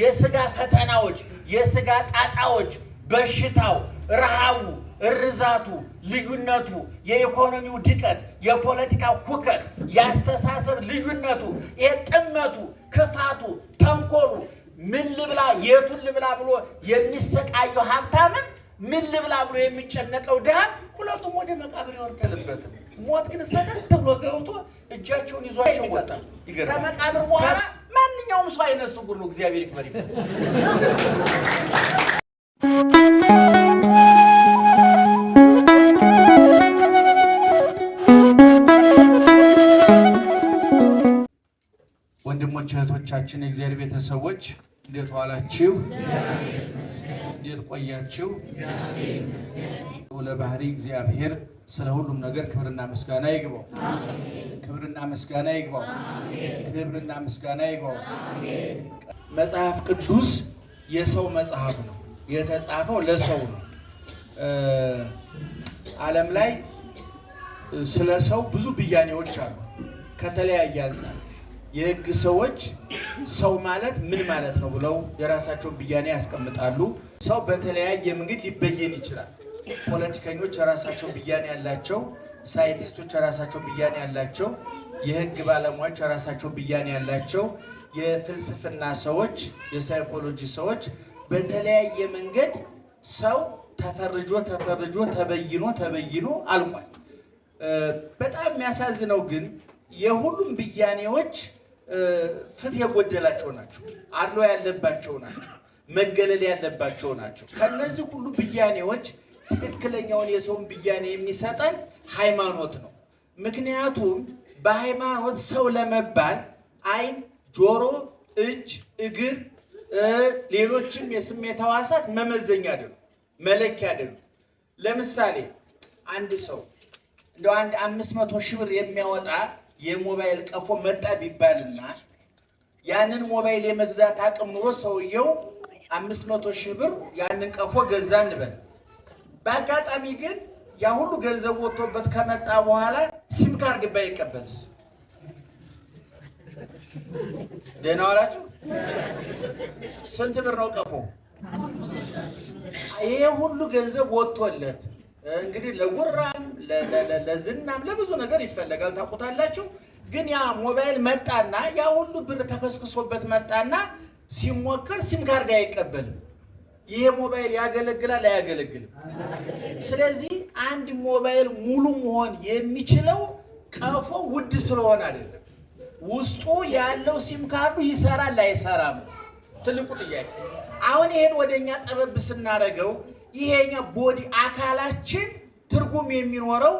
የስጋ ፈተናዎች፣ የስጋ ጣጣዎች፣ በሽታው፣ ረሃቡ፣ እርዛቱ፣ ልዩነቱ፣ የኢኮኖሚው ድቀት፣ የፖለቲካ ሁከት፣ የአስተሳሰብ ልዩነቱ፣ የጥመቱ፣ ክፋቱ፣ ተንኮሉ ምን ልብላ፣ የቱን ልብላ ብሎ የሚሰቃየው ሀብታምን ምን ልብላ ብሎ የሚጨነቀው ድሃ ሁለቱም ወደ መቃብር ይወርዳልበት። ሞት ግን ሰደድ ብሎ ገብቶ እጃቸውን ይዟቸው ወጣ። ከመቃብር በኋላ ማንኛውም ሰው አይነት ስውር ነው። እግዚአብሔር ይክበር ይመስል ወንድሞች እህቶቻችን፣ የእግዚአብሔር ቤተሰቦች እንዴት ዋላችሁ? እንዴት ቆያችሁ? ለባህሪ እግዚአብሔር ስለ ሁሉም ነገር ክብርና ምስጋና ይግባው። ክብርና ምስጋና ይግባው። ክብርና ምስጋና ይግባው። መጽሐፍ ቅዱስ የሰው መጽሐፍ ነው። የተጻፈው ለሰው ነው። ዓለም ላይ ስለ ሰው ብዙ ብያኔዎች አሉ ከተለያየ አንጻር የህግ ሰዎች ሰው ማለት ምን ማለት ነው ብለው የራሳቸውን ብያኔ ያስቀምጣሉ። ሰው በተለያየ መንገድ ሊበየን ይችላል። ፖለቲከኞች የራሳቸው ብያኔ ያላቸው፣ ሳይንቲስቶች የራሳቸው ብያኔ ያላቸው፣ የህግ ባለሙያዎች የራሳቸው ብያኔ ያላቸው፣ የፍልስፍና ሰዎች፣ የሳይኮሎጂ ሰዎች በተለያየ መንገድ ሰው ተፈርጆ ተፈርጆ ተበይኖ ተበይኖ አልቋል። በጣም የሚያሳዝነው ግን የሁሉም ብያኔዎች ፍትህ የጎደላቸው ናቸው፣ አድሎ ያለባቸው ናቸው፣ መገለል ያለባቸው ናቸው። ከነዚህ ሁሉ ብያኔዎች ትክክለኛውን የሰውን ብያኔ የሚሰጠን ሃይማኖት ነው። ምክንያቱም በሃይማኖት ሰው ለመባል አይን፣ ጆሮ፣ እጅ፣ እግር፣ ሌሎችም የስሜት ሕዋሳት መመዘኛ አይደሉም፣ መለኪያ አይደሉም። ለምሳሌ አንድ ሰው እንደው አንድ አምስት መቶ ሺህ ብር የሚያወጣ የሞባይል ቀፎ መጣ ቢባልና ያንን ሞባይል የመግዛት አቅም ኑሮ ሰውየው አምስት መቶ ሺህ ብር ያንን ቀፎ ገዛ እንበል። በአጋጣሚ ግን ያ ሁሉ ገንዘብ ወጥቶበት ከመጣ በኋላ ሲም ካርድ ባይቀበልስ? ደህና ዋላችሁ። ስንት ብር ነው ቀፎ? ይሄ ሁሉ ገንዘብ ወጥቶለት እንግዲህ ለጉራ ለዝናም ለብዙ ነገር ይፈለጋል። ታውቁታላችሁ። ግን ያ ሞባይል መጣና ያ ሁሉ ብር ተከስክሶበት መጣና ሲሞከር ሲም ካርድ አይቀበልም። ይሄ ሞባይል ያገለግላል አያገለግልም? ስለዚህ አንድ ሞባይል ሙሉ መሆን የሚችለው ቀፎ ውድ ስለሆነ አይደለም፣ ውስጡ ያለው ሲም ካርዱ ይሰራል አይሰራም። ትልቁ ጥያቄ አሁን ይሄን ወደኛ ጠበብ ስናደርገው ይሄኛ ቦዲ አካላችን ትርጉም የሚኖረው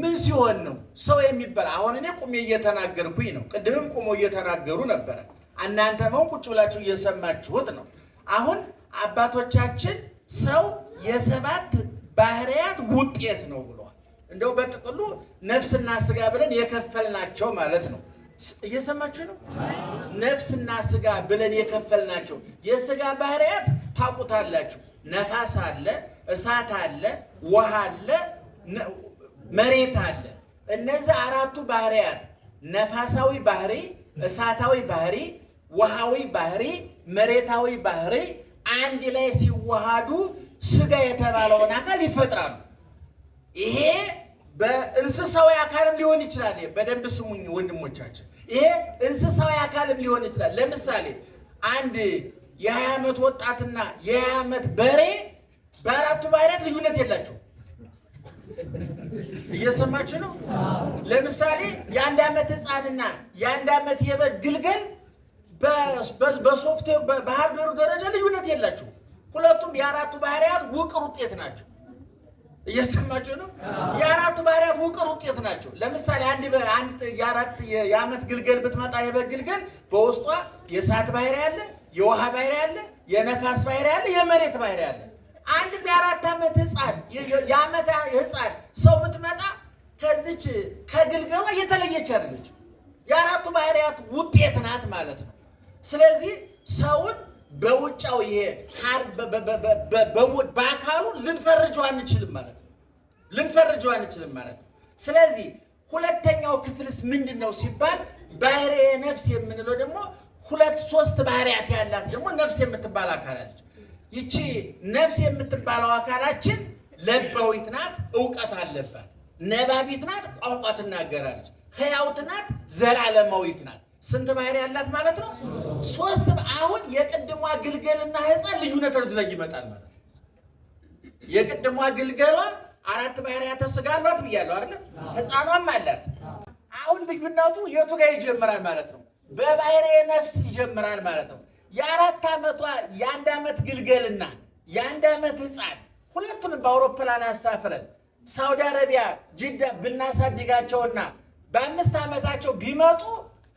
ምን ሲሆን ነው? ሰው የሚባል አሁን እኔ ቁሜ እየተናገርኩኝ ነው። ቅድምም ቁሞ እየተናገሩ ነበረ። እናንተ መው ቁጭ ብላችሁ እየሰማችሁት ነው። አሁን አባቶቻችን ሰው የሰባት ባህሪያት ውጤት ነው ብለዋል። እንደው በጥቅሉ ነፍስና ስጋ ብለን የከፈልናቸው ማለት ነው። እየሰማችሁ ነው። ነፍስና ስጋ ብለን የከፈልናቸው የስጋ ባህሪያት ታውቁታላችሁ። ነፋስ አለ እሳት አለ፣ ውሃ አለ፣ መሬት አለ። እነዚህ አራቱ ባህሪያት ነፋሳዊ ባህሪ፣ እሳታዊ ባህሪ፣ ውሃዊ ባህሪ፣ መሬታዊ ባህሪ አንድ ላይ ሲዋሃዱ ስጋ የተባለውን አካል ይፈጥራሉ። ይሄ በእንስሳዊ አካልም ሊሆን ይችላል። በደንብ ስሙኝ ወንድሞቻችን፣ ይሄ እንስሳዊ አካልም ሊሆን ይችላል። ለምሳሌ አንድ የሀያ ዓመት ወጣትና የሀያ ዓመት በሬ በአራቱ ባህሪያት ልዩነት የላቸው። እየሰማችሁ ነው። ለምሳሌ የአንድ ዓመት ህፃንና የአንድ ዓመት የበግ ግልገል በሶፍትዌር በሃርድዌሩ ደረጃ ልዩነት የላቸው። ሁለቱም የአራቱ ባህሪያት ውቅር ውጤት ናቸው። እየሰማችሁ ነው። የአራቱ ባህሪያት ውቅር ውጤት ናቸው። ለምሳሌ አንድ አንድ የአራት የዓመት ግልገል ብትመጣ የበግ ግልገል በውስጧ የእሳት ባህሪ አለ፣ የውሃ ባህሪ አለ፣ የነፋስ ባህሪ አለ፣ የመሬት ባህሪ አለ። አንድ የአራት ዓመት ህፃን የአመት ህፃን ሰው ምትመጣ ከዚች ከግልገሏ እየተለየች አይደለች። የአራቱ ባህሪያት ውጤት ናት ማለት ነው። ስለዚህ ሰውን በውጫው ይሄ በአካሉ ልንፈርጀው አንችልም ማለት ነው። ልንፈርጀው አንችልም ማለት ነው። ስለዚህ ሁለተኛው ክፍልስ ምንድን ነው ሲባል ባህሬ ነፍስ የምንለው ደግሞ ሁለት ሶስት ባህሪያት ያላት ደግሞ ነፍስ የምትባል አካላለች ይቺ ነፍስ የምትባለው አካላችን ለባዊት ናት፣ እውቀት አለባት። ነባቢት ናት፣ ቋንቋ ትናገራለች። ህያውት ናት፣ ዘላለማዊት ናት። ስንት ባህሪ ያላት ማለት ነው? ሶስት። አሁን የቅድሟ ግልገልና ህፃን ልዩነት ላይ ይመጣል ማለት ነው። የቅድሟ ግልገሏ አራት ባህሪያተ ሥጋ አሏት ብያለሁ አይደለም? ህፃኗም አላት። አሁን ልዩነቱ የቱ ጋር ይጀምራል ማለት ነው? በባህሪ ነፍስ ይጀምራል ማለት ነው። የአራት ዓመቷ የአንድ ዓመት ግልገልና የአንድ ዓመት ህፃን ሁለቱንም በአውሮፕላን አሳፍረን ሳውዲ አረቢያ ጅዳ ብናሳድጋቸውና በአምስት ዓመታቸው ቢመጡ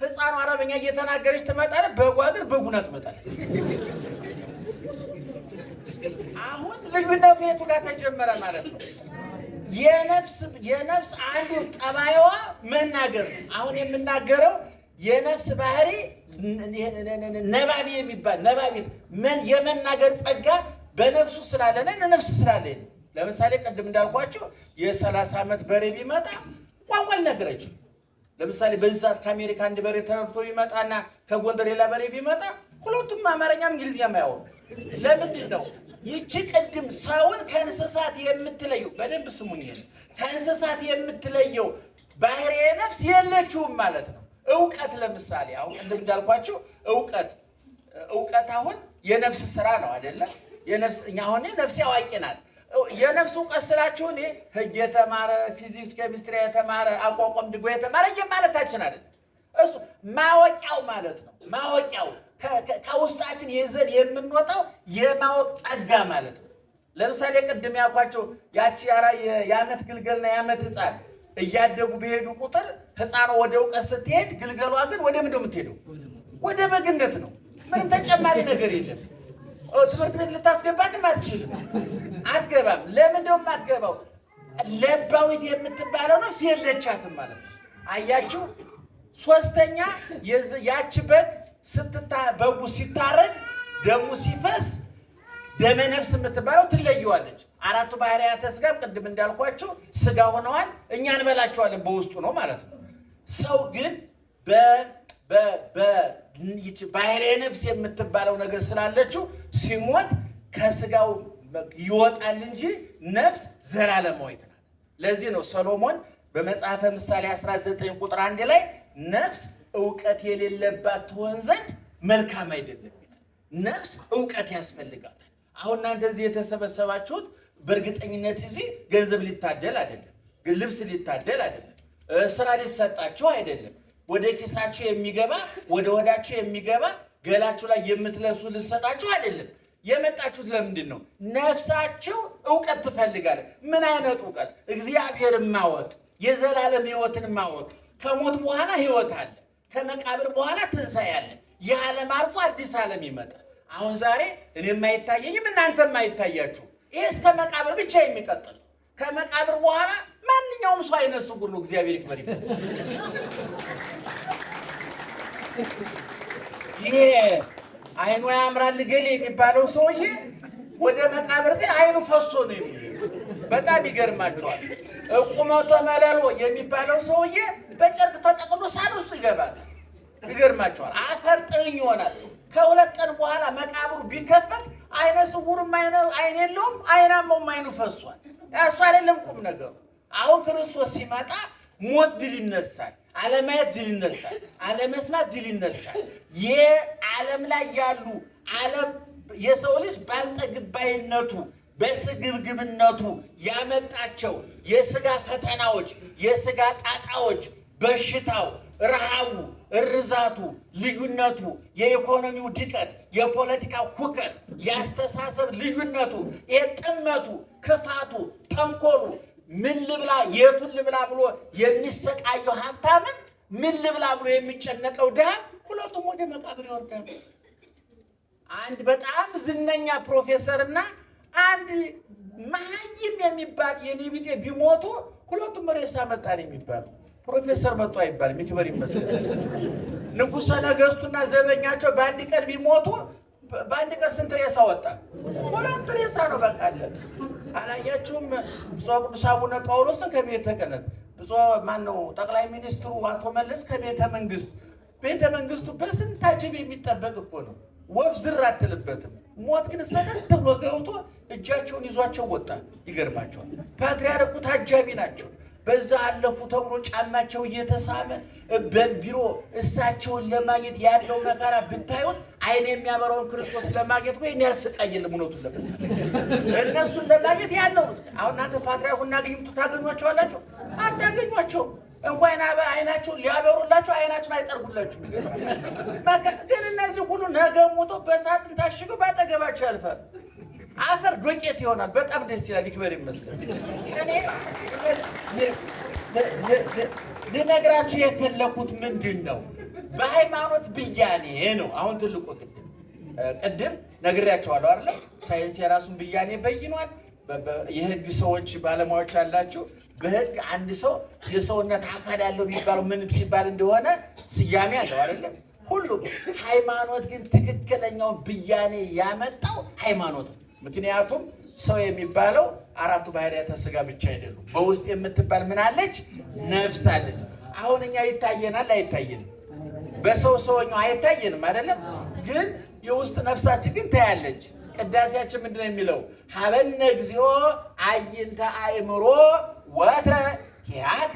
ህፃኑ አረበኛ እየተናገረች ትመጣለ። በጓግር ግን በጉና ትመጣለች። አሁን ልዩነቱ የቱ ጋር ተጀመረ ማለት ነው? የነፍስ አንዱ ጠባይዋ መናገር አሁን የምናገረው የነፍስ ባህሪ ነባቢ የሚባል ነባቢ የመናገር ጸጋ በነፍሱ ስላለነ ነፍስ ስላለ ለምሳሌ ቅድም እንዳልኳቸው የሰላሳ ዓመት በሬ ቢመጣ ቋንቋ ሊናገር አይችልም። ለምሳሌ በዚህ ሰዓት ከአሜሪካ አንድ በሬ ተረድቶ ቢመጣና ከጎንደር ሌላ በሬ ቢመጣ ሁለቱም አማርኛም እንግሊዝኛም ማያወቅ ለምንድን ነው ይቺ ቅድም ሰውን ከእንስሳት የምትለየው? በደንብ ስሙኝ። ከእንስሳት የምትለየው ባህሪ የነፍስ የለችውም ማለት ነው። እውቀት ለምሳሌ አሁን ቅድም እንዳልኳችሁ እውቀት እውቀት አሁን የነፍስ ስራ ነው አይደለም? የነፍስ እኛ አሁን ነፍሴ አዋቂ ናት። የነፍስ እውቀት ስላችሁ እኔ ህግ የተማረ ፊዚክስ፣ ኬሚስትሪ የተማረ አቋቋም ድጎ የተማረ የማለታችን አይደል? እሱ ማወቂያው ማለት ነው። ማወቂያው ከውስጣችን የዘን የምንወጣው የማወቅ ጸጋ ማለት ነው። ለምሳሌ ቅድም ያልኳቸው ያቺ ያራ የአመት ግልገልና የአመት ህፃን እያደጉ በሄዱ ቁጥር ህፃኗ ወደ እውቀት ስትሄድ፣ ግልገሏ ግን ወደ ምንድን የምትሄደው? ወደ በግነት ነው። ምንም ተጨማሪ ነገር የለም። ትምህርት ቤት ልታስገባትም አትችልም፣ አትገባም። ለምንደው ማትገባው ለባዊት የምትባለው ነው የለቻትም ማለት ነው። አያችሁ። ሶስተኛ ያች በግ በጉ ሲታረድ ደሙ ሲፈስ ደመ ነፍስ የምትባለው ትለየዋለች። አራቱ ባህርያተ ስጋ ቅድም እንዳልኳቸው ስጋ ሆነዋል። እኛ እንበላቸዋለን፣ በውስጡ ነው ማለት ነው። ሰው ግን ባህርያ ነፍስ የምትባለው ነገር ስላለችው ሲሞት ከስጋው ይወጣል እንጂ ነፍስ ዘላለማዊት ናት። ለዚህ ነው ሰሎሞን በመጽሐፈ ምሳሌ 19 ቁጥር አንድ ላይ ነፍስ እውቀት የሌለባት ትሆን ዘንድ መልካም አይደለም ይላል። ነፍስ እውቀት ያስፈልጋል። አሁን እናንተ እዚህ የተሰበሰባችሁት በእርግጠኝነት እዚህ ገንዘብ ሊታደል አይደለም፣ ልብስ ሊታደል አይደለም፣ ስራ ሊሰጣችሁ አይደለም። ወደ ኪሳችሁ የሚገባ ወደ ወዳችሁ የሚገባ ገላችሁ ላይ የምትለብሱ ልሰጣችሁ አይደለም። የመጣችሁት ለምንድን ነው? ነፍሳችሁ እውቀት ትፈልጋለ? ምን አይነት እውቀት? እግዚአብሔርን ማወቅ፣ የዘላለም ሕይወትን ማወቅ። ከሞት በኋላ ሕይወት አለ፣ ከመቃብር በኋላ ትንሣኤ አለ። የዓለም አልፎ አዲስ ዓለም ይመጣል። አሁን ዛሬ እኔም አይታየኝም እናንተም የማይታያችሁ ይህ እስከ መቃብር ብቻ የሚቀጥል ከመቃብር በኋላ ማንኛውም ሰው አይነ ስውር ነው። እግዚአብሔር ይክበር ይመስል ይሄ አይኑ ያምራል ገሌ የሚባለው ሰውዬ ወደ መቃብር ሲ አይኑ ፈሶ ነው የሚ በጣም ይገርማቸዋል። እቁመቶ መለሎ የሚባለው ሰውዬ በጨርቅ ተጠቅሎ ሳል ውስጥ ይገባል። ይገርማቸዋል። አፈር ጥልኝ ይሆናል። ከሁለት ቀን በኋላ መቃብሩ ቢከፈት አይነ ስውርም አይን የለውም፣ አይናማውም አይኑ ፈሷል። እሱ አይደለም ቁም ነገሩ። አሁን ክርስቶስ ሲመጣ ሞት ድል ይነሳል፣ አለማየት ድል ይነሳል፣ አለመስማት ድል ይነሳል። የዓለም ላይ ያሉ ዓለም የሰው ልጅ ባልጠግባይነቱ በስግብግብነቱ ያመጣቸው የስጋ ፈተናዎች፣ የስጋ ጣጣዎች፣ በሽታው ረሃቡ፣ እርዛቱ፣ ልዩነቱ፣ የኢኮኖሚው ድቀት፣ የፖለቲካ ሁከት፣ የአስተሳሰብ ልዩነቱ፣ የጥመቱ፣ ክፋቱ፣ ተንኮሉ ምን ልብላ የቱን ልብላ ብሎ የሚሰቃየው ሀብታምን ምን ልብላ ብሎ የሚጨነቀው ድሃ ሁለቱም ወደ መቃብር ይወርዳል። አንድ በጣም ዝነኛ ፕሮፌሰርና አንድ መሀይም የሚባል የኔቢጤ ቢሞቱ ሁለቱም ሬሳ መጣን የሚባሉ ፕሮፌሰር መቶ አይባልም። ይክበር ይመስል ንጉሰ ነገስቱና ዘበኛቸው በአንድ ቀን ቢሞቱ በአንድ ቀን ስንት ሬሳ ወጣ? ሁለት ሬሳ ነው። በቃ አለን። አላያችሁም? ብፁዕ ቅዱስ አቡነ ጳውሎስን ከቤተ ክህነት ብፁዕ ነው ጠቅላይ ሚኒስትሩ አቶ መለስ ከቤተ መንግስት ቤተ መንግስቱ በስንት አጅብ የሚጠበቅ እኮ ነው። ወፍ ዝር አትልበትም። ሞት ግን ሰደት ብሎ ገብቶ እጃቸውን ይዟቸው ወጣ። ይገርማቸዋል። ፓትሪያርኩ ታጃቢ ናቸው። በዛ አለፉ ተብሎ ጫማቸው እየተሳመ በቢሮ እሳቸውን ለማግኘት ያለው መከራ ብታዩት አይን የሚያበራውን ክርስቶስ ለማግኘት ወይ እኔ ያልስቃየል እውነቱን ለብ እነሱን ለማግኘት ያለው አሁን እናንተ ፓትርያርኩ እናገኝቱ ታገኟቸዋላችሁ? አታገኟቸው እንኳን አይናቸውን ሊያበሩላቸው አይናቸውን አይጠርጉላችሁ። ግን እነዚህ ሁሉ ነገ ሞቶ በሳጥን ታሽገው ባጠገባቸው ያልፋል። አፈር ዶቄት ይሆናል። በጣም ደስ ይላል። ይክበር ይመስገን። ልነግራችሁ የፈለኩት ምንድን ነው? በሃይማኖት ብያኔ ነው። አሁን ትልቁ ቅድም ቅድም ነግሬያቸዋለሁ አይደለ? ሳይንስ የራሱን ብያኔ በይኗል። የህግ ሰዎች ባለሙያዎች አላችሁ። በህግ አንድ ሰው የሰውነት አካል ያለው የሚባለው ምን ሲባል እንደሆነ ስያሜ አለው አይደለም? ሁሉም ሃይማኖት ግን ትክክለኛውን ብያኔ ያመጣው ሃይማኖት ነው። ምክንያቱም ሰው የሚባለው አራቱ ባህሪያተ ሥጋ ብቻ አይደሉም። በውስጥ የምትባል ምን አለች? ነፍስ አለች። አሁን እኛ ይታየናል አይታየንም? በሰው ሰውኛው አይታየንም አይደለም? ግን የውስጥ ነፍሳችን ግን ታያለች። ቅዳሴያችን ምንድን የሚለው? ሀበነ እግዚኦ አይንተ አእምሮ ወትረ ኪያከ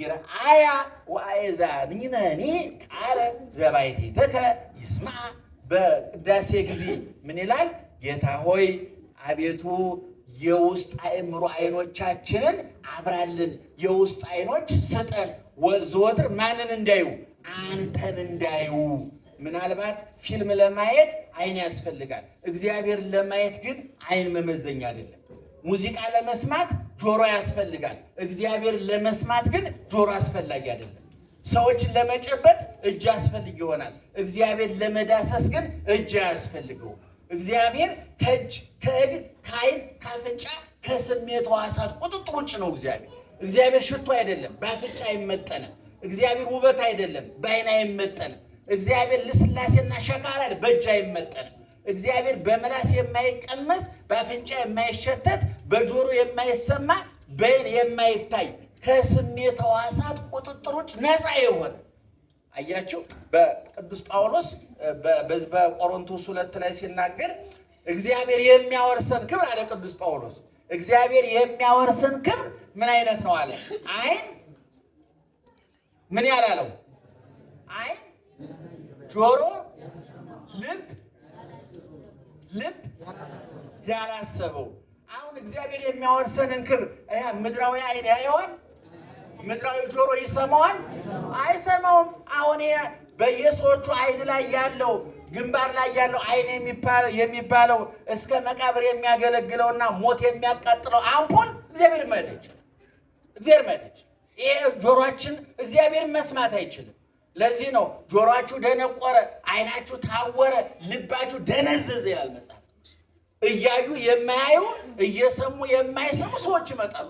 ይርአያ ወአይዛኒነኒ ቃለ ዘባይቴተከ ይስማ። በቅዳሴ ጊዜ ምን ይላል? ጌታ ሆይ አቤቱ የውስጥ አእምሮ አይኖቻችንን አብራልን፣ የውስጥ አይኖች ስጠን። ዘወትር ማንን እንዳዩ? አንተን እንዳዩ። ምናልባት ፊልም ለማየት አይን ያስፈልጋል። እግዚአብሔር ለማየት ግን አይን መመዘኛ አይደለም። ሙዚቃ ለመስማት ጆሮ ያስፈልጋል። እግዚአብሔር ለመስማት ግን ጆሮ አስፈላጊ አይደለም። ሰዎችን ለመጨበጥ እጅ አስፈልግ ይሆናል። እግዚአብሔር ለመዳሰስ ግን እጅ አያስፈልገውም። እግዚአብሔር ከእጅ ከእግር ከአይን ካፍንጫ ከስሜት ሕዋሳት ቁጥጥር ውጭ ነው። እግዚአብሔር እግዚአብሔር ሽቶ አይደለም፣ በአፍንጫ አይመጠንም። እግዚአብሔር ውበት አይደለም፣ በአይን አይመጠንም። እግዚአብሔር ልስላሴና ሸካራ በእጅ አይመጠንም። እግዚአብሔር በምላስ የማይቀመስ በአፍንጫ የማይሸተት በጆሮ የማይሰማ በአይን የማይታይ ከስሜት ሕዋሳት ቁጥጥር ውጭ ነፃ የሆነ አያችሁ በቅዱስ ጳውሎስ በዚህ በቆሮንቶስ ሁለት ላይ ሲናገር እግዚአብሔር የሚያወርሰን ክብር አለ ቅዱስ ጳውሎስ። እግዚአብሔር የሚያወርሰን ክብር ምን አይነት ነው አለ። አይን ምን ያላለው አይን፣ ጆሮ፣ ልብ ልብ ያላሰበው አሁን እግዚአብሔር የሚያወርሰንን ክብር ምድራዊ አይን ያየዋል? ምድራዊ ጆሮ ይሰማዋል? አይሰማውም። አሁን በየሰዎቹ አይን ላይ ያለው ግንባር ላይ ያለው አይን የሚባለው እስከ መቃብር የሚያገለግለውና ሞት የሚያቃጥለው አምፖል እግዚአብሔር ማየት አይችልም። እግዚአብሔር ማየት ይሄ ጆሮአችን እግዚአብሔር መስማት አይችልም። ለዚህ ነው ጆሮአችሁ ደነቆረ፣ አይናችሁ ታወረ፣ ልባችሁ ደነዘዘ ይላል መጽሐፍ። እያዩ የማያዩ እየሰሙ የማይሰሙ ሰዎች ይመጣሉ።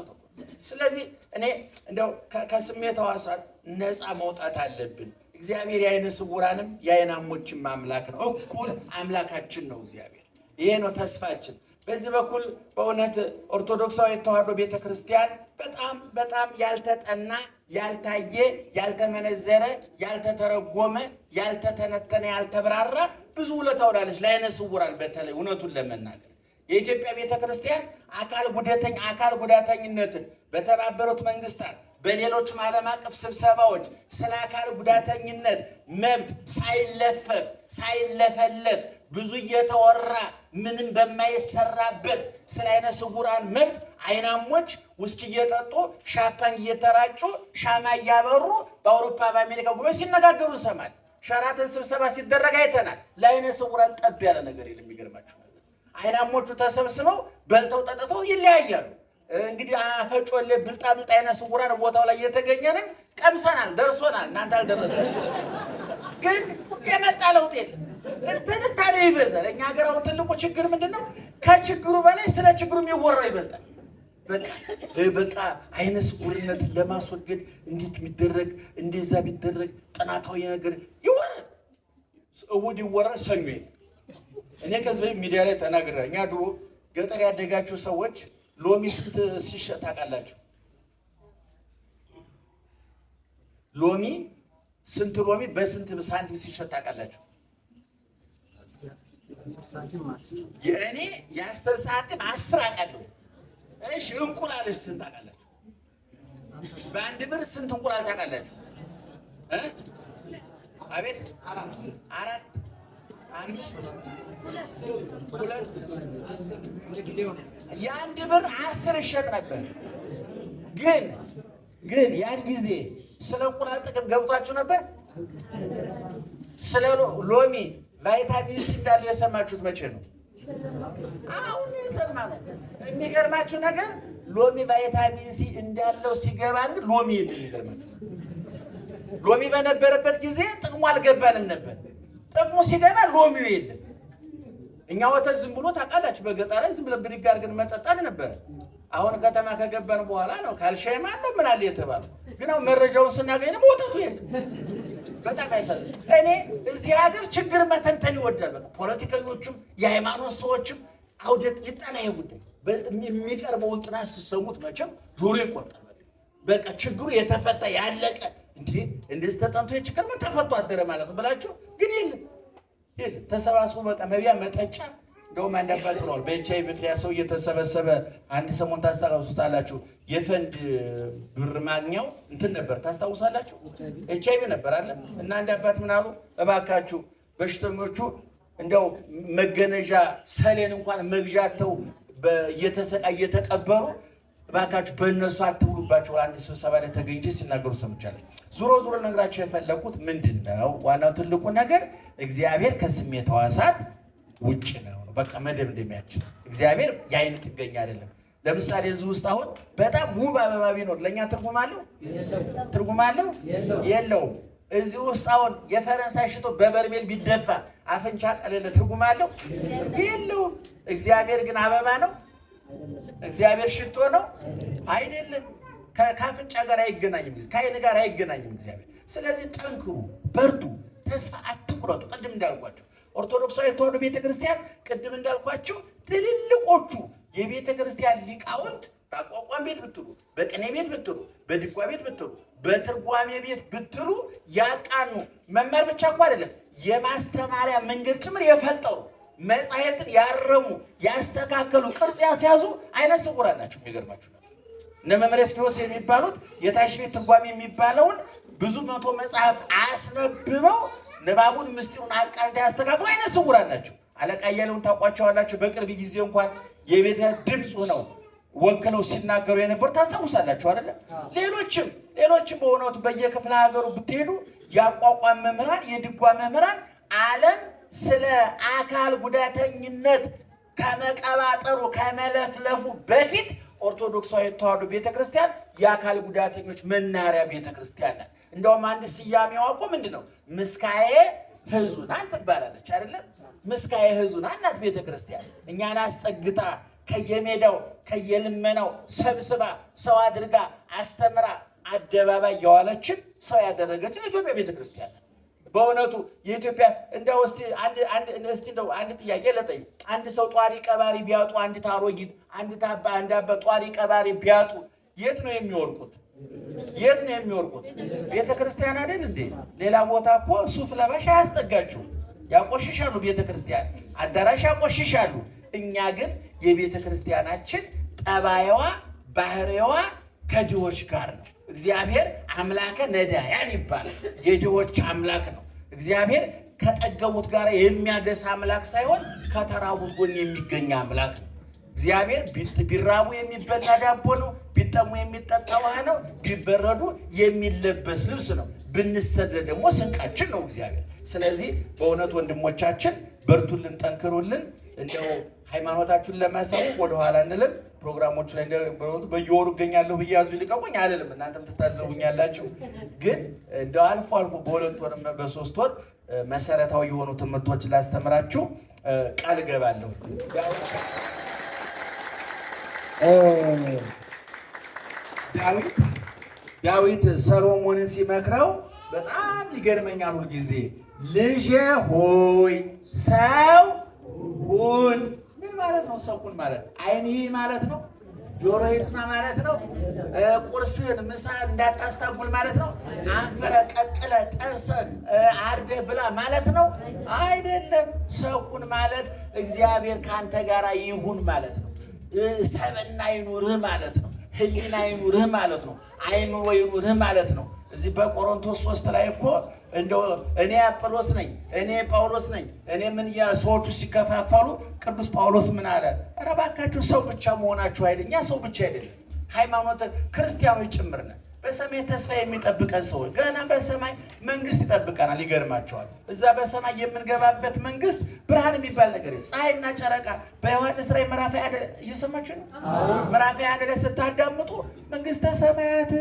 ስለዚህ እኔ እንደው ከስሜት ሕዋሳት ነፃ መውጣት አለብን። እግዚአብሔር የአይነ ስውራንም የዓይናሞችም አምላክ ነው። እኩል አምላካችን ነው እግዚአብሔር። ይሄ ነው ተስፋችን። በዚህ በኩል በእውነት ኦርቶዶክሳዊ ተዋህዶ ቤተ ክርስቲያን በጣም በጣም ያልተጠና ያልታየ፣ ያልተመነዘረ፣ ያልተተረጎመ፣ ያልተተነተነ፣ ያልተብራራ ብዙ ውለታ ውላለች ስውራን በተለይ እውነቱን ለመናገር የኢትዮጵያ ቤተ ክርስቲያን አካል ጉዳተኛ አካል ጉዳተኝነትን በተባበሩት መንግስታት በሌሎችም ዓለም አቀፍ ስብሰባዎች ስለ አካል ጉዳተኝነት መብት ሳይለፈፍ ሳይለፈለፍ ብዙ እየተወራ ምንም በማይሰራበት ስለ አይነ ስውራን መብት አይናሞች ውስኪ እየጠጡ ሻምፓኝ እየተራጩ ሻማ እያበሩ በአውሮፓ በአሜሪካ ጉባኤ ሲነጋገሩ ይሰማል። ሸራተን ስብሰባ ሲደረግ አይተናል። ለአይነ ስውራን ጠብ ያለ ነገር የለም። የሚገርማችሁ አይናሞቹ ተሰብስበው በልተው ጠጥተው ይለያያሉ። እንግዲህ አፈጮሌ ብልጣ ብልጣ አይነ ስውራን ቦታው ላይ የተገኘንም ቀምሰናል፣ ደርሶናል። እናንተ አልደረሳችሁም፣ ግን የመጣ ለውጥ የለም። ትንታኔ ይበዛል። እኛ ሀገር አሁን ትልቁ ችግር ምንድን ነው? ከችግሩ በላይ ስለ ችግሩ የሚወራው ይበልጣል። በቃ አይነ ስውርነት ለማስወገድ እንዴት ቢደረግ እንደዛ ቢደረግ ጥናታዊ ነገር ይወራል፣ እሑድ ይወራል፣ ሰኞ እኔ ከዚህ በፊት ሚዲያ ላይ ተናግሬ እኛ ድሮ ገጠር ያደጋችሁ ሰዎች ሎሚ ሲሸጥ ታውቃላችሁ? ሎሚ ስንት ሎሚ በስንት ሳንቲም ሲሸጥ ታውቃላችሁ? የእኔ የአስር ሳንቲም አስር አውቃለሁ። እሺ እንቁላልሽ ስንት ታውቃላችሁ? በአንድ ብር ስንት እንቁላል ታውቃላችሁ? አቤት አራት አምስት ሁለት የአንድ ብር አስር ሸቅ ነበር። ግን ግን ያን ጊዜ ስለ እንቁላል ጥቅም ገብቷችሁ ነበር? ስለ ሎሚ ቫይታሚን ሲ እንዳለው የሰማችሁት መቼ ነው? አሁን የሰማ ነው። የሚገርማችሁ ነገር ሎሚ ቫይታሚን ሲ እንዳለው ሲገባ ግን ሎሚ የሚገርማችሁ ሎሚ በነበረበት ጊዜ ጥቅሙ አልገባንም ነበር። ጥቅሙ ሲገባ ሎሚው የለም። እኛ ወተት ዝም ብሎ ታውቃላችሁ፣ በገጣ ላይ ዝም ብለን ብድግ አድርገን መጠጣት ነበረ። አሁን ከተማ ከገባን በኋላ ነው ካልሻይም አለ ምን አለ የተባለው። ግን አሁን መረጃውን ስናገኝ ደግሞ ወተቱ የለም። በጣም አይሳዝን። እኔ እዚህ ሀገር ችግር መተንተን ይወዳል። በቃ ፖለቲከኞችም የሃይማኖት ሰዎችም አውደጥ ይጠና ይሄ ጉዳይ የሚቀርበውን ጥናት ስሰሙት መቼም ጆሮ ይቆርጣል። በቃ ችግሩ የተፈታ ያለቀ እንዲህ እንደዚህ ተጠንቶ የችግር ምን ተፈቶ አደረ ማለት ነው ብላችሁ ግን የለም ተሰባስቦ በቃ መቢያ መጠጫ እንደውም አንዳባት ብለዋል። በኤች አይ ምክንያት ሰው እየተሰበሰበ አንድ ሰሞን ታስታውሱታላችሁ። የፈንድ ብር ማግኘው እንትን ነበር ታስታውሳላችሁ። ኤች አይ ቪ ነበር አለ እና አንድ አባት ምን አሉ፣ እባካችሁ በሽተኞቹ እንደው መገነዣ ሰሌን እንኳን መግዣተው እየተሰቃ እየተቀበሩ እባካችሁ በእነሱ አትውሉባቸው። አንድ ስብሰባ ላይ ተገኝቼ ሲናገሩ ሰምቻለሁ። ዙሮ ዙሮ ነግራቸው የፈለግኩት ምንድን ነው? ዋናው ትልቁ ነገር እግዚአብሔር ከስሜት ሕዋሳት ውጭ ነው። በቃ መደምደሚያችን እግዚአብሔር የአይን ጥገኛ አይደለም። ለምሳሌ እዚህ ውስጥ አሁን በጣም ውብ አበባ ቢኖር ለእኛ ትርጉም አለው? ትርጉም አለው? የለውም። እዚህ ውስጥ አሁን የፈረንሳይ ሽቶ በበርሜል ቢደፋ አፍንጫ ቀለለ፣ ትርጉም አለው? የለውም። እግዚአብሔር ግን አበባ ነው። እግዚአብሔር ሽቶ ነው አይደለም። ከአፍንጫ ጋር አይገናኝም፣ ከአይን ጋር አይገናኝም እግዚአብሔር። ስለዚህ ጠንክሩ፣ በርቱ፣ ተስፋ አትቁረጡ። ቅድም እንዳልኳችሁ ኦርቶዶክሳዊ ቤተ ቤተክርስቲያን ቅድም እንዳልኳችሁ ትልልቆቹ የቤተክርስቲያን ሊቃውንት በአቋቋም ቤት ብትሉ፣ በቅኔ ቤት ብትሉ፣ በድጓ ቤት ብትሉ፣ በትርጓሜ ቤት ብትሉ ያቃኑ መማር ብቻ እኮ አይደለም የማስተማሪያ መንገድ ጭምር የፈጠሩ መጻሕፍትን ያረሙ ያስተካከሉ ቅርጽ ያስያዙ አይነት ስውራን ናቸው። የሚገርማችሁ ነው እነ መምህር እስክንድሮስ የሚባሉት የታሽቤት ትርጓሜ የሚባለውን ብዙ መቶ መጽሐፍ አስነብበው ንባቡን ምስጢሩን አቃንተ ያስተካክሉ አይነት ስውራን ናቸው። አለቃ እያለውን ታውቋቸዋላችሁ። በቅርብ ጊዜ እንኳን የቤተ ድምፅ ነው ወክለው ሲናገሩ የነበሩ ታስታውሳላችሁ አይደለም? ሌሎችም ሌሎችም በእውነቱ በየክፍለ ሀገሩ ብትሄዱ ያቋቋም መምህራን የድጓ መምህራን ዓለም ስለ አካል ጉዳተኝነት ከመቀባጠሩ ከመለፍለፉ በፊት ኦርቶዶክሳዊ የተዋህዶ ቤተክርስቲያን የአካል ጉዳተኞች መናሪያ ቤተክርስቲያን ናት። እንደውም አንድ ስያሜዋ እኮ ምንድን ነው? ምስካዬ ሕዙናን ትባላለች አይደለም? ምስካዬ ሕዙናን ናት ቤተ እኛን አስጠግታ ከየሜዳው ከየልመናው ሰብስባ ሰው አድርጋ አስተምራ አደባባይ የዋለችን ሰው ያደረገችን ኢትዮጵያ ቤተ ናት። በእውነቱ የኢትዮጵያ እንደው እስቲ አንድ አንድ እስቲ እንደው አንድ ጥያቄ ልጠይቅ። አንድ ሰው ጧሪ ቀባሪ ቢያጡ፣ አንድ ታሮጊት አንዲት አንድ አባ ጧሪ ቀባሪ ቢያጡ የት ነው የሚወርቁት? የት ነው የሚወርቁት? ቤተ ክርስቲያን አይደል እንዴ? ሌላ ቦታ እኮ ሱፍ ለባሽ አያስጠጋችሁ፣ ያቆሽሻሉ። ቤተ ክርስቲያን አዳራሽ ያቆሽሻሉ። እኛ ግን የቤተ ክርስቲያናችን ጠባይዋ ባህሪዋ ከድሆች ጋር ነው። እግዚአብሔር አምላከ ነዳያን ይባላል። የድሆች አምላክ ነው እግዚአብሔር። ከጠገቡት ጋር የሚያደስ አምላክ ሳይሆን ከተራቡት ጎን የሚገኝ አምላክ ነው እግዚአብሔር። ቢራቡ የሚበላ ዳቦ ነው፣ ቢጠሙ የሚጠጣ ውሃ ነው፣ ቢበረዱ የሚለበስ ልብስ ነው፣ ብንሰደድ ደግሞ ስንቃችን ነው እግዚአብሔር። ስለዚህ በእውነት ወንድሞቻችን በርቱልን፣ ጠንክሩልን እንደው ሃይማኖታችሁን ለማሳወቅ ወደኋላ እንልም። ፕሮግራሞቹ ላይ እንደበሩት በየወሩ እገኛለሁ ብዬ ያዙ ይልቀቁኝ አልልም። እናንተም ትታዘቡኛላችሁ። ግን እንደ አልፎ አልፎ በሁለት ወር በሶስት ወር መሰረታዊ የሆኑ ትምህርቶች ላስተምራችሁ ቃል እገባለሁ። ዳዊት ዳዊት ሰሎሞንን ሲመክረው በጣም ይገርመኛል። ሁልጊዜ ልጄ ሆይ ሰው ሁን ምን ማለት ነው? ሰኩን ማለት አይን ማለት ነው። ጆሮ ይስማ ማለት ነው። ቁርስህን ምሳ እንዳታስታጉል ማለት ነው። አንፈረ ቀቅለ ጠብሰህ አርደ ብላ ማለት ነው አይደለም። ሰኩን ማለት እግዚአብሔር ከአንተ ጋር ይሁን ማለት ነው። ሰብእና ይኑርህ ማለት ነው። ሕሊና ይኑርህ ማለት ነው። አይምሮ ይኑርህ ማለት ነው። እዚህ በቆሮንቶስ ሶስት ላይ እኮ እንደ እኔ አጵሎስ ነኝ፣ እኔ ጳውሎስ ነኝ፣ እኔ ምን እያለ ሰዎቹ ሲከፋፈሉ ቅዱስ ጳውሎስ ምን አለ? ኧረ እባካችሁ ሰው ብቻ መሆናችሁ አይደል? እኛ ሰው ብቻ አይደለም፣ ሃይማኖት ክርስቲያኖች ጭምር ነን። በሰማይ ተስፋ የሚጠብቀን ሰው ገና በሰማይ መንግስት ይጠብቀናል። ይገርማቸዋል። እዛ በሰማይ የምንገባበት መንግስት ብርሃን የሚባል ነገር ፀሐይና ጨረቃ በዮሐንስ ራይ ምዕራፍ ያደ እየሰማችሁ ነው። ምዕራፍ ያደ ላይ ስታዳምጡ መንግስተ ሰማያት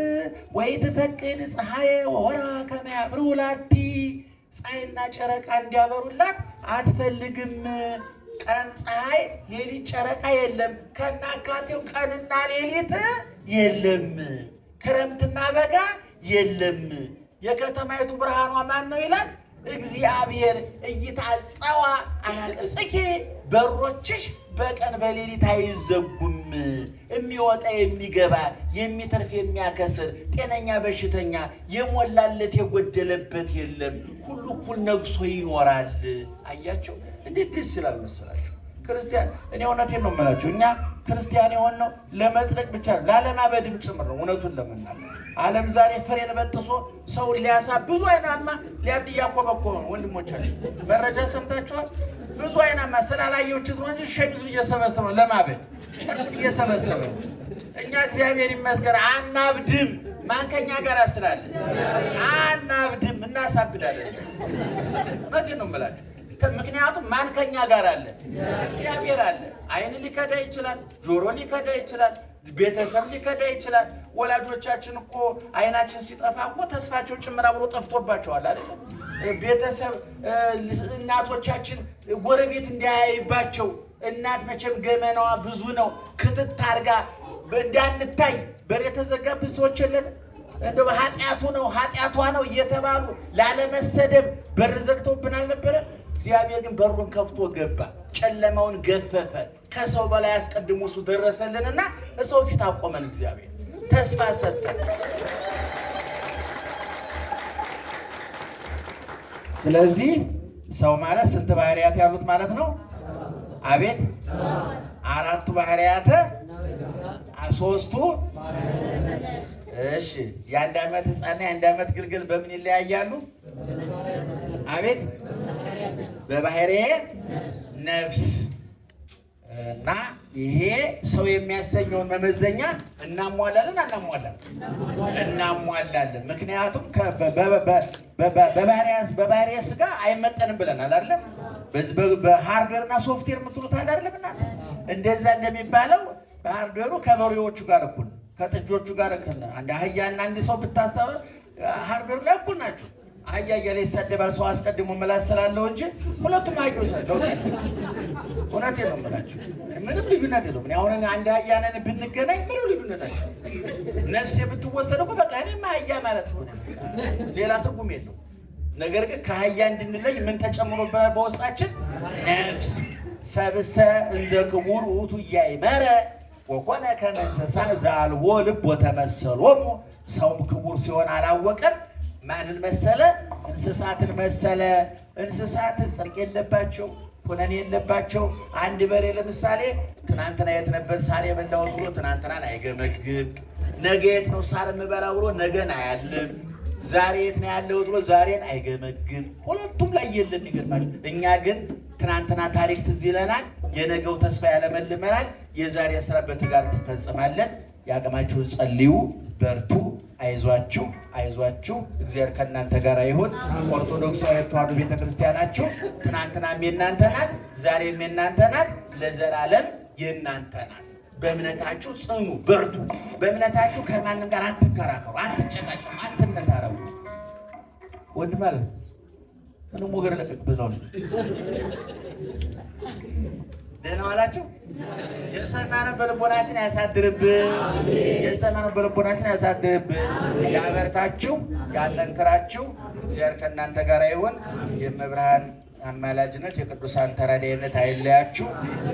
ወይ ትፈቅድ ፀሐይ ወወራ ከመያምር ውላዲ ፀሐይና ጨረቃ እንዲያበሩላት አትፈልግም። ቀን ፀሐይ፣ ሌሊት ጨረቃ የለም። ከናካቴው ቀንና ሌሊት የለም። ክረምትና በጋ የለም። የከተማይቱ ብርሃኗ ማን ነው ይላል እግዚአብሔር። እይታጸዋ አናቅጽኪ በሮችሽ በቀን በሌሊት አይዘጉም። የሚወጣ የሚገባ የሚተርፍ የሚያከስር ጤነኛ በሽተኛ የሞላለት የጎደለበት የለም። ሁሉ እኩል ነግሶ ይኖራል። አያቸው እንዴት ደስ ይላል መሰላል ክርስቲያን እኔ እውነቴን ነው የምላችሁ፣ እኛ ክርስቲያን የሆነው ለመጽደቅ ብቻ ነው ላለማበድም ጭምር ነው። እውነቱን ለመናገር ዓለም ዛሬ ፍሬን በጥሶ ሰውን ሊያሳ ብዙ አይናማ ሊያብድ እያኮበኮ ነው። ወንድሞቻችን መረጃ ሰምታችኋል። ብዙ አይናማ ስላላየችት ነው እንጂ ሸሚዙን እየሰበሰበ ነው ለማበድ ጨርቅ እየሰበሰበ ነው። እኛ እግዚአብሔር ይመስገን አናብድም። ማን ከኛ ጋር ስላለ አናብድም፣ እናሳብዳለን። እውነቴን ነው የምላችሁ ምክንያቱም ማን ከኛ ጋር አለ? እግዚአብሔር አለ። አይን ሊከዳ ይችላል፣ ጆሮ ሊከዳ ይችላል፣ ቤተሰብ ሊከዳ ይችላል። ወላጆቻችን እኮ አይናችን ሲጠፋ እኮ ተስፋቸው ጭምር አብሮ ጠፍቶባቸዋል አይደል? ቤተሰብ እናቶቻችን ጎረቤት እንዳያይባቸው እናት መቼም ገመናዋ ብዙ ነው። ክትት አርጋ እንዳንታይ በር የተዘጋብን ሰዎች የለን። እንደ ኃጢአቱ ነው ኃጢአቷ ነው እየተባሉ ላለመሰደብ በር ዘግተውብን አልነበረ? እግዚአብሔር ግን በሩን ከፍቶ ገባ፣ ጨለማውን ገፈፈ። ከሰው በላይ አስቀድሞ እሱ ደረሰልንና እሰው ፊት አቆመን። እግዚአብሔር ተስፋ ሰጠን። ስለዚህ ሰው ማለት ስንት ባህሪያት ያሉት ማለት ነው? አቤት አራቱ ባህሪያት ሶስቱ እሺ የአንድ ዓመት ህፃንና የአንድ ዓመት ግልግል በምን ይለያያሉ? አቤት በባህሬ ነፍስ እና ይሄ ሰው የሚያሰኘውን መመዘኛ እናሟላለን አናሟላለን? እናሟላለን። ምክንያቱም በባህሪ ስጋ አይመጠንም ብለን አላለም። በሃርድዌር እና ሶፍትዌር የምትሉት አይደለም? እና እንደዛ እንደሚባለው በሃርድዌሩ ከበሬዎቹ ጋር እኩል ከጥጆቹ ጋር አንድ አህያና አንድ ሰው ብታስተምር ሀርዶር ላይ እኩል ናቸው። አህያ እያለ ይሳደባል ሰው አስቀድሞ መላስ ስላለው እንጂ ሁለቱም አህዮች ናቸው። እውነቴን ነው የምላቸው፣ ምንም ልዩነት የለውም። አሁን አንድ አህያ ነን ብንገናኝ ምንም ልዩነታቸው ነፍስ የምትወሰደው እኮ በቃ እኔም አህያ ማለት ሆነ ሌላ ትርጉም የለው። ነገር ግን ከአህያ እንድንለይ ምን ተጨምሮ በውስጣችን ነፍስ ሰብሰ እንዘ ክቡር ውእቱ እያይመረ ወኮነ ከመ ዘአልቦ ልቦ ተመሰሎሙ። ሰውም ክቡር ሲሆን አላወቀም። ማንን መሰለ? እንስሳትን መሰለ። እንስሳት ጽድቅ የለባቸው ኩነኔ የለባቸው። አንድ በሬ ለምሳሌ ትናንትና የት ነበር ሳር የበላሁት ብሎ ትናንትናን አይገመግም። ነገ የት ነው ሳር የምበላ ብሎ ነገን አያልም። ዛሬ የት ነው ያለሁት ብሎ ዛሬን አይገመግም። ሁለቱም ላይ የለም። ይገርማል። እኛ ግን ትናንትና ታሪክ ትዝ ይለናል፣ የነገው ተስፋ ያለመልመናል። የዛሬ ስራ በትጋር ትፈጽማለን። የአቅማችሁን ጸልዩ፣ በርቱ፣ አይዟችሁ፣ አይዟችሁ። እግዚአብሔር ከእናንተ ጋር ይሁን። ኦርቶዶክሳዊ ተዋሕዶ ቤተክርስቲያናችሁ ትናንትናም የእናንተ ናት፣ ዛሬም የእናንተ ናት፣ ለዘላለም የእናንተ ናት። በእምነታችሁ ጽኑ፣ በርቱ። በእምነታችሁ ከማንም ጋር አትከራከሩ፣ አትጨቃጨቁ፣ አትነታረቡ። ወንድ ማለት ምን ሞገር ለሰብለው ነው። ደህና ዋላችሁ። የሰማነው በልቦናችን ያሳድርብን። የሰማነው በልቦናችን ያሳድርብን። ያበርታችሁ፣ ያጠንክራችሁ። እግዚአብሔር ከእናንተ ጋር ይሁን። የመብርሃን አማላጅነት የቅዱሳን ተራዳይነት አይለያችሁ።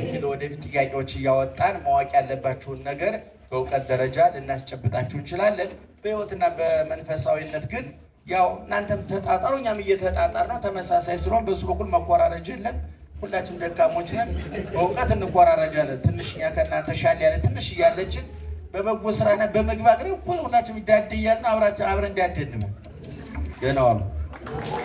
እንግዲህ ወደፊት ጥያቄዎች እያወጣን ማወቅ ያለባችሁን ነገር በእውቀት ደረጃ ልናስጨብጣችሁ እንችላለን። በህይወትና በመንፈሳዊነት ግን ያው እናንተም ተጣጣሩ፣ እኛም እየተጣጣር ነው። ተመሳሳይ ስለሆን በሱ በኩል መኮራረጅ የለም። ሁላችንም ደካሞች ነን፣ በእውቀት እንኮራረጃለን። ትንሽኛ ከእናንተ ሻል ያለ ትንሽ እያለችን በበጎ ስራና በመግባት ነው ሁላችንም ይዳደያልና አብረን እንዲያደንመ ገናዋሉ